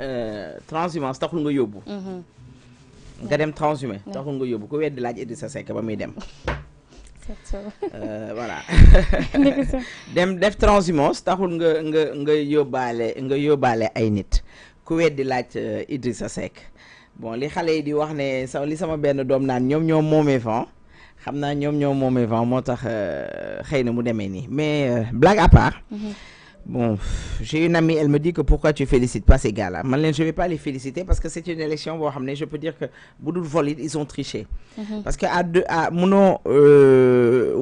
Euh, transhumance taxul nga hmm nga dem taxul nga yobbu la weddi laaj ba muy dem euh, voilà dem def transhumance taxul nga nga nga yóbbaale nga yóbbaale ay nit ku weddi euh, Idrissa bon li xale di wax ne li sama benn doom naan ñoom moomee fan xam naa ñoom fan moo tax xëy mu demee nii mais blague à part mhm. Bon, j'ai une amie, elle me dit que pourquoi tu félicites pas ces gars-là. Malin, je ne vais pas les féliciter parce que c'est une élection, je peux dire que Boudoul Volid, ils ont triché. Mm-hmm. Parce que à deux, à euh,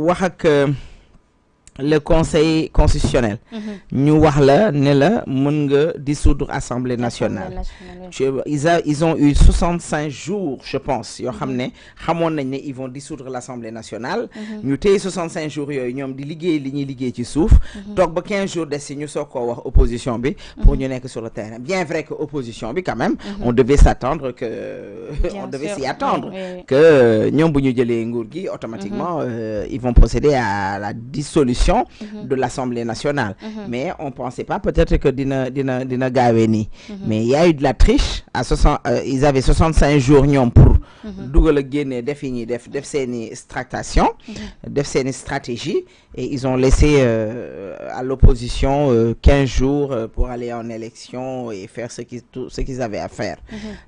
le conseil constitutionnel mhm. ñu wax la ne la mën dissoudre assemblée nationale ils ont eu 65 jours je pense yoo xam mhm. ne xamoon ils vont dissoudre l'Assemblée nationale mhm. ñu téye soixante cinq jours ils ont di liggéey li ñuy liggéey ci ba quinze jours de si ñu quoi wax opposition bi pour ñu être sur le terrain bien vrai que opposition bi quand même on devait s'attendre que on devait s'y attendre que ñoom bu nguur gi automatiquement euh, ils vont procéder à la dissolution Mhm. de l'Assemblée nationale. Mhm. Mais on pensait pas peut-être que dina dina dina mhm. il mais y a eu de la triche à euh, ils avaient 65 jours pour double le définir def défini. stratégie et ils ont laissé euh, à l'opposition 15 euh, jours pour aller en élection et faire ce qu'ils ce qu'ils avaient à faire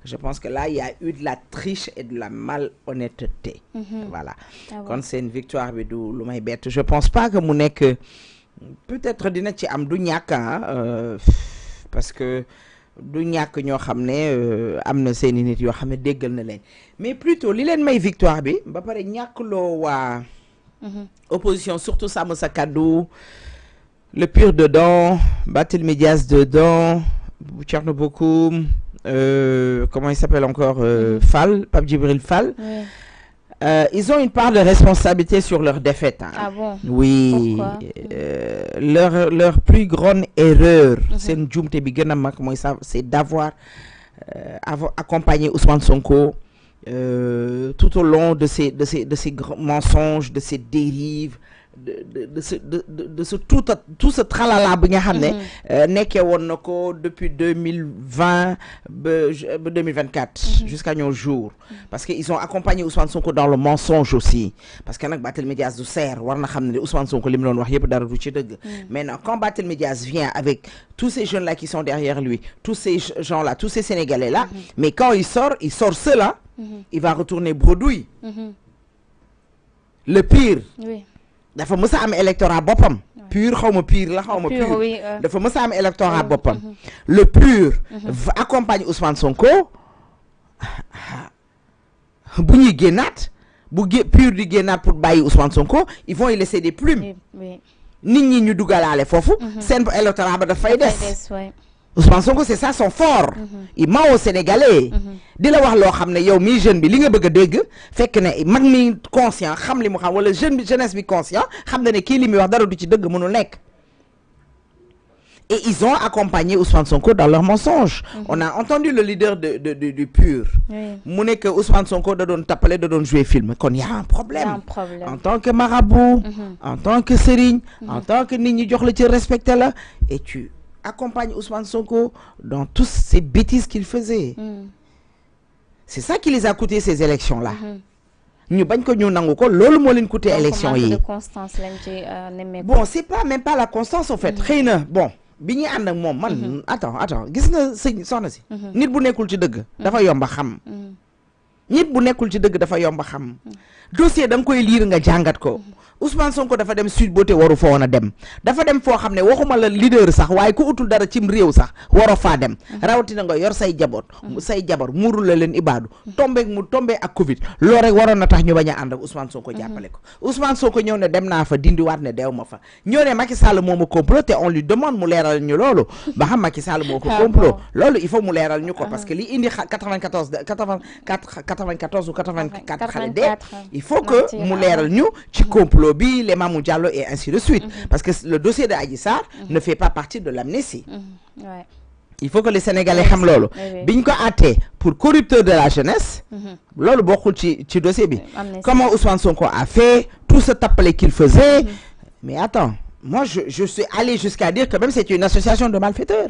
je pense que là il y a eu de la triche et de la malhonnêteté voilà ah c'est une victoire je du je pense pas que mon que peut-être dina ci am du ah, euh, parce que du ñak ñoo xamné ne euh, am seeni nit yo xamné déggal na mais plutôt li leen may victoire bi ba mhm. opposition surtout sam sa le pur dedans Barthélémy médias dedans Thierno beaucoup euh, comment il s'appelle encore mhm. Fall Pape Djibril Fall euh, ils ont une part de responsabilité sur leur défaite. Hein. Ah bon Oui. Euh, leur, leur, plus grande erreur, mhm. c'est d'avoir euh, accompagné Ousmane Sonko tout au long de ces, de ces, de ces mensonges, de ces dérives, de de de ce tout ce tralala bi nga xam mhm. euh, depuis 2020 2024 2024 jusqu'à nos jours. Mhm. parce qu'ils ont accompagné Ousmane Sonko dans le mensonge aussi parce que y a un du cerf on serre. Ousmane Sonko doon wax dara mhm. maintenant quand le médias vient avec tous ces jeunes là qui sont derrière lui tous ces gens là tous ces sénégalais là. mais quand il sort il sort cela. Hein, il va retourner bredouille. le pire. oui dafa mës a am électorat boppam pur xaw pur la xawma ma pur euh. dafa mës am électorat mhm. le pur mhm. accompagne Ousmane Sonko bu ñuy génnaat bu pur di génnaat pour bàyyi Ousmane Sonko ils vont y laisser des plumes nit ñi ñu dugalaale foofu mhm. seen électorat ba fay des Ousmane Sonko c'est ça son fort. Mhm. il m'a au Sénégalais. Mhm. di la wax lo xamné yow mi jeune bi li nga bëgg a dégg fekk né mag mi conscient xam li mu xam wala jeune bi jeunesse bi conscient xam na né ki li wax dara du ci dëgg mënu et ils ont accompagné Ousmane Sonko dans leur mensonge. Mhm. on a entendu le leader de de du PUR. mu m'a que Ousmane Sonko da doon tappale da doon jouer film kon y a un problème. en tant que marabout. en tant que sérigne, en tant que nini, ñi jox la ci et tu accompagne Ousmane Sonko dans toutes ces bêtises qu'il faisait. Mm. C'est ça qui les a coûté ces élections-là. Mm-hmm. ñu bañ ko ñu nangu ko loolu nous leen coûté élection yi ce euh, n'est bon c'est pas même pas la constance en fait mm-hmm. xëy bon bi ñuy ànd ak moom man mm-hmm. attends attends gis nga sëñ soxna si nit bu nekkul ci dëgg dafa yomba xam nit bu nekkul ci dëgg dafa yomba xam dossier da nga koy liir nga jàngat ko soo Sonko dafa dem Sweet Beauté waru fa woon a dem dafa dem foo xam ne waxuma la leader sax waaye ku utul dara cim réew sax waroo faa dem mhm. rawatina nga yor say jaboot mhm. say jabar muurul la leen ibaadu mhm. tombeek mu tombee ak Covid loolu waroon na tax ñu bañ a ànd ak Ousmane Sonko jàppale ko Ousmane Sonko ne naa fa dindiwaat ne deew ma fa ñëw ne Macky Sall moo ma comploté on lui demande mu leeral ñu loolu ba xam Macky Sall ko ah complot loolu ah. que li indi 94 84 94 ou 84 xale de il faut que mu leeral ñu ci complot les Mamou Diallo et ainsi de suite. Mhm. Parce que le dossier de Agissar mhm. ne fait pas partie de l'amnésie. Mhm. Il faut que les Sénégalais aient l'eau bingo ko pour corrupteur de la jeunesse l'olo beaucoup tu dossier bi comment Ousmane Sonko a fait tout ce tapalé qu'il faisait mais attends moi je je suis allé jusqu'à dire que même c'est une association de malfaiteurs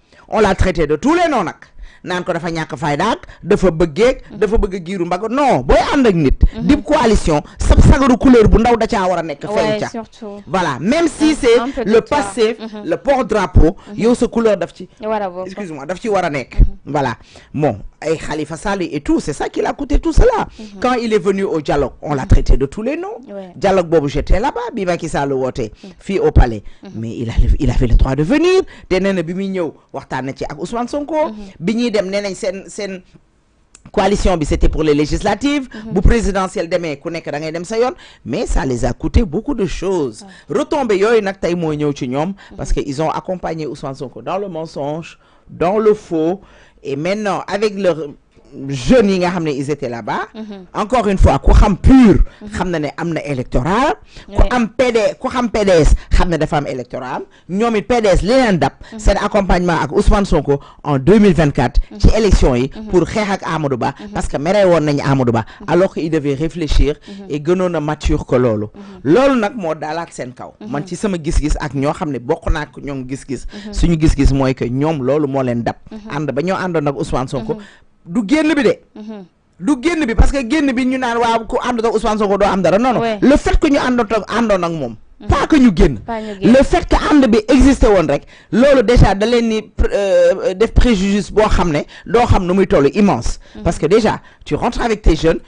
on l'a traité de tous les noms nag naan ko dafa ñàkk faydaak dafa bëggé dafa bëgg a giiru mbagg non boy and ak nit mhm. coalition sab sagaru couleur bu ndaw da caa wara nek fay ci voilà même si c'est le passé mhm. le port drapeau mhm. yow sa couleur daf ci excuse moi daf ci wara nek voilà bon et Khalifa et tout, c'est ça qui a coûté tout cela. Mhm. Quand il est venu au dialogue, on l'a traité de tous les noms. Dialogue Bob, j'étais là-bas, il qui le droit au palais. Mhm. Mais il, a, il avait le droit de venir coalition c'était pour les législatives vous mhm. présidentielle demain. ku mais ça les a coûté beaucoup de choses Retombé yoy y tay parce qu'ils ont accompagné Ousmane Sonko dans le mensonge dans le faux et maintenant avec leur jeunes yi nga xamné ils étaient là-bas. Mhm. encore une fois ko xam pur. Mhm. xam na ne am électoral. ku am PD ko xam PDS xam dafa am électoral ñoom PDS li dab. c'est mhm. accompagnement ak Ousmane Sonko en 2024. ci élection yi. pour xeex ak Amadou Ba. parce que méré won nañu Amadou Ba. alors qu'il devait réfléchir. et gënon na mature que lolu lolu nak mo daalaat sen kaw. man ci sama gis-gis ak ñoo xamné bokku bokk naa gis-gis. suñu gis-gis moy que ñom lolu mo leen dab. and ba ñoo ak Ousmane Sonko du génn bi de. Mhm. du génn bi parce que génn bi ñu naan waaw ku àndoon Ousmane Sonko doo am dara non non. le fait que ñu àndoon ak àndoon ak moom. Mhm. pas que ñu génn. le fait que ànd bi existé woon rek loolu déjà da leen ni euh, def préjudice boo xam ne doo xam nu muy tollu immense. Mhm. parce que déjà tu rentres avec tes jeunes.